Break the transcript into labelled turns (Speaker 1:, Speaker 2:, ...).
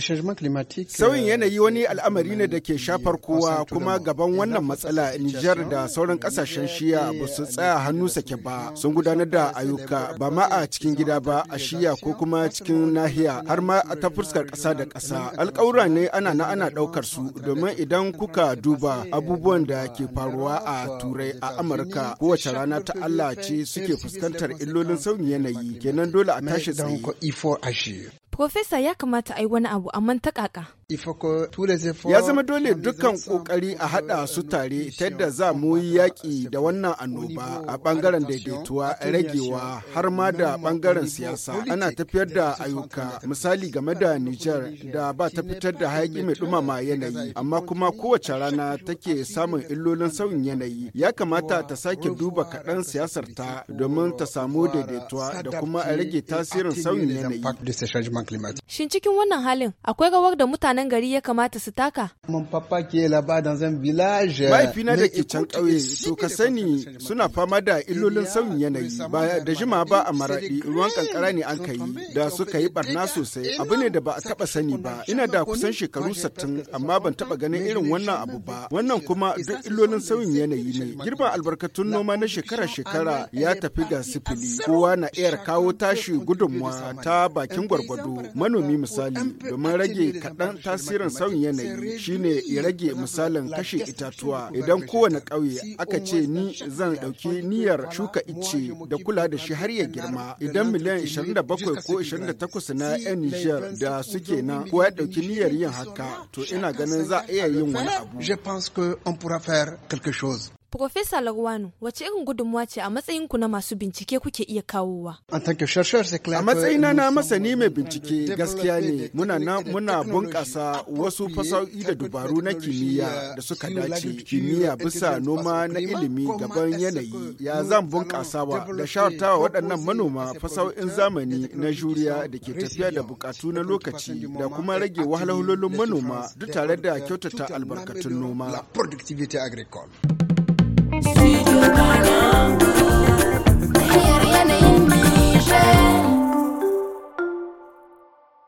Speaker 1: Sauyin euh, yanayi wani al'amari ne da ke shafar kowa kuma gaban wannan matsala Nijar da sauran kasashen shiya ba su euh, tsaya hannu sake ba sun gudanar da ayyuka ba ma a cikin gida ba a shiya ko kuma cikin nahiya har ma ta fuskar kasa da kasa Alƙawura ne ana na ana ɗaukar su domin idan kuka duba abubuwan da euh, ke faruwa a Turai a Amurka kowace rana ta Allah ce suke fuskantar illolin sauyin yanayi kenan dole a tashi tsaye.
Speaker 2: Profesa ya kamata a yi wani abu amma ta kaka.
Speaker 1: Ya zama dole dukkan kokari a haɗa su tare ta yadda za mu yi yaƙi da wannan annoba a bangaren daidaituwa ragewa har ma da bangaren siyasa. Ana tafiyar da ayyuka misali game da Nijar da ba ta fitar da hayaƙi mai dumama yanayi amma kuma kowace rana take samun illolin sauyin yanayi. Ya kamata ta sake duba kaɗan siyasar ta domin ta samu daidaituwa da kuma a rage tasirin sauyin yanayi.
Speaker 2: Shin cikin wannan halin akwai rawar da mutane mutanen gari ya kamata su taka?
Speaker 1: Mun fafa ke laba da zan village. Eh, Mahaifina da ke can ƙauye to ka sani suna fama da illolin sauyin yanayi ba da jima ba a maraɗi ruwan kankara ne an kai da suka yi barna sosai abu ne da ba a taɓa sani ba ina da kusan shekaru sattin amma ban taɓa ganin irin wannan abu ba wannan kuma duk illolin sauyin yanayi ne girban albarkatun noma na shekara-shekara ya eh, tafi ga sifili kowa na iya kawo tashi gudunmawa ta bakin gwargwado manomi misali domin rage kaɗan tasirin sauyin yanayi shine ya rage misalin kashe itatuwa idan kowane ƙauye aka ce ni zan ɗauki niyyar shuka ice da kula da shi har ya girma idan miliyan 27 ko 28 na 'yan Nijar da suke nan ko ya ɗauki niyyar yin haka to ina ganin za a iya yin wani abu.
Speaker 2: Profesa Lagwano, wace irin gudunmuwa ce a matsayinku na masu bincike kuke iya kawowa?
Speaker 1: A matsayina na masani mai bincike gaskiya ne muna bunƙasa wasu fasahohi da dubaru na kimiyya da suka dace kimiyya bisa noma na ilimi gaban yanayi ya zan wa da shawartawa waɗannan manoma fasahohin zamani na juriya da ke tafiya da buƙatu na lokaci da kuma rage wahalhalolin manoma duk tare da kyautata albarkatun noma.
Speaker 2: Si yo mañana